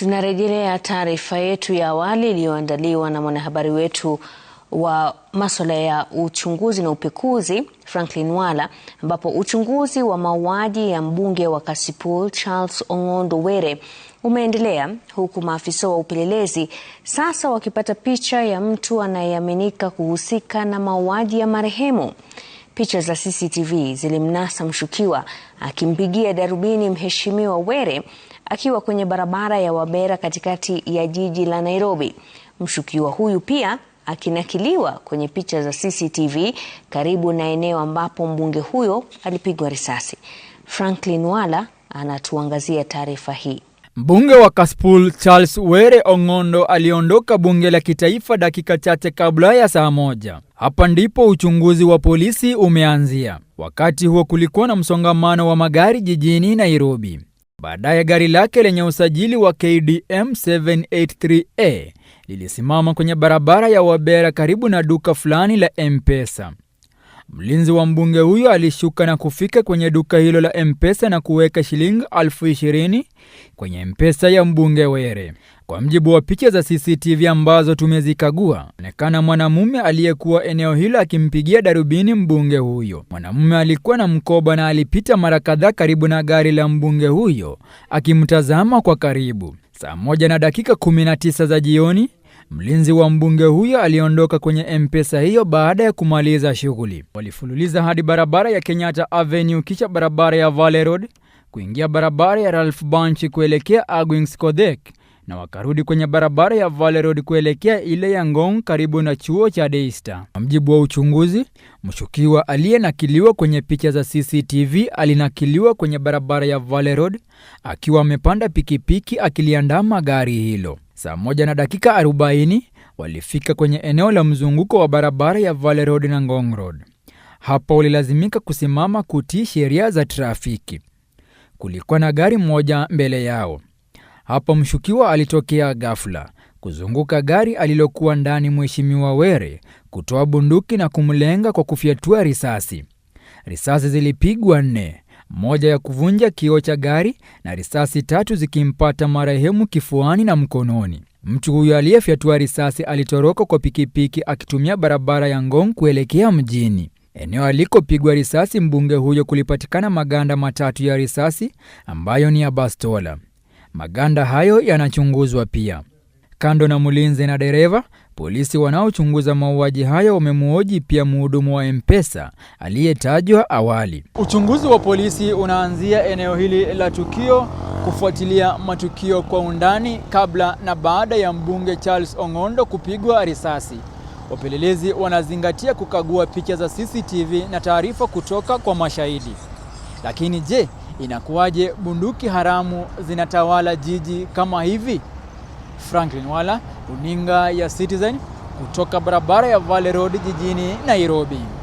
Tunarejelea taarifa yetu ya awali iliyoandaliwa na mwanahabari wetu wa masuala ya uchunguzi na upekuzi Franklin Wala, ambapo uchunguzi wa mauaji ya mbunge wa Kasipul Charles Ong'ondo Were umeendelea huku maafisa wa upelelezi sasa wakipata picha ya mtu anayeaminika kuhusika na mauaji ya marehemu. Picha za CCTV zilimnasa mshukiwa akimpigia darubini mheshimiwa Were akiwa kwenye barabara ya Wabera katikati ya jiji la Nairobi. Mshukiwa huyu pia akinakiliwa kwenye picha za CCTV karibu na eneo ambapo mbunge huyo alipigwa risasi. Franklin Wala anatuangazia taarifa hii. Mbunge wa Kasipul Charles Were Ong'ondo aliondoka bunge la kitaifa dakika chache kabla ya saa moja. Hapa ndipo uchunguzi wa polisi umeanzia. Wakati huo kulikuwa na msongamano wa magari jijini Nairobi. Baadaye gari lake lenye usajili wa KDM 783A lilisimama kwenye barabara ya Wabera karibu na duka fulani la M-Pesa. Mlinzi wa mbunge huyo alishuka na kufika kwenye duka hilo la M-Pesa na kuweka shilingi elfu ishirini kwenye M-Pesa ya mbunge Were. Kwa mjibu wa picha za CCTV ambazo tumezikagua, onekana mwanamume aliyekuwa eneo hilo akimpigia darubini mbunge huyo. Mwanamume alikuwa na mkoba na alipita mara kadhaa karibu na gari la mbunge huyo akimtazama kwa karibu. Saa moja na dakika 19 za jioni Mlinzi wa mbunge huyo aliondoka kwenye mpesa hiyo baada ya kumaliza shughuli. Walifululiza hadi barabara ya Kenyatta Avenue, kisha barabara ya Valley Road kuingia barabara ya Ralph Bunche kuelekea Agwings Kodhek na wakarudi kwenye barabara ya Valley Road kuelekea ile ya Ngong karibu na chuo cha Deista. Kwa mjibu wa uchunguzi, mshukiwa aliyenakiliwa kwenye picha za CCTV alinakiliwa kwenye barabara ya Valley Road akiwa amepanda pikipiki akiliandama gari hilo. Saa moja na dakika 40 walifika kwenye eneo la mzunguko wa barabara ya Valley Road na Ngong Road. Hapa walilazimika kusimama kutii sheria za trafiki. Kulikuwa na gari moja mbele yao. Hapo mshukiwa alitokea ghafla kuzunguka gari alilokuwa ndani Mheshimiwa Were, kutoa bunduki na kumlenga kwa kufyatua risasi. Risasi zilipigwa nne, moja ya kuvunja kioo cha gari na risasi tatu zikimpata marehemu kifuani na mkononi. Mtu huyo aliyefyatua risasi alitoroka kwa pikipiki akitumia barabara ya Ngong kuelekea mjini. Eneo alikopigwa risasi mbunge huyo kulipatikana maganda matatu ya risasi ambayo ni ya bastola. Maganda hayo yanachunguzwa pia. Kando na mlinzi na dereva, polisi wanaochunguza mauaji hayo wamemuoji pia mhudumu wa M-Pesa aliyetajwa awali. Uchunguzi wa polisi unaanzia eneo hili la tukio kufuatilia matukio kwa undani kabla na baada ya mbunge Charles Ong'ondo kupigwa risasi. Wapelelezi wanazingatia kukagua picha za CCTV na taarifa kutoka kwa mashahidi. Lakini je, Inakuwaje bunduki haramu zinatawala jiji kama hivi? Franklin Wala, runinga ya Citizen kutoka barabara ya Valley Road jijini Nairobi.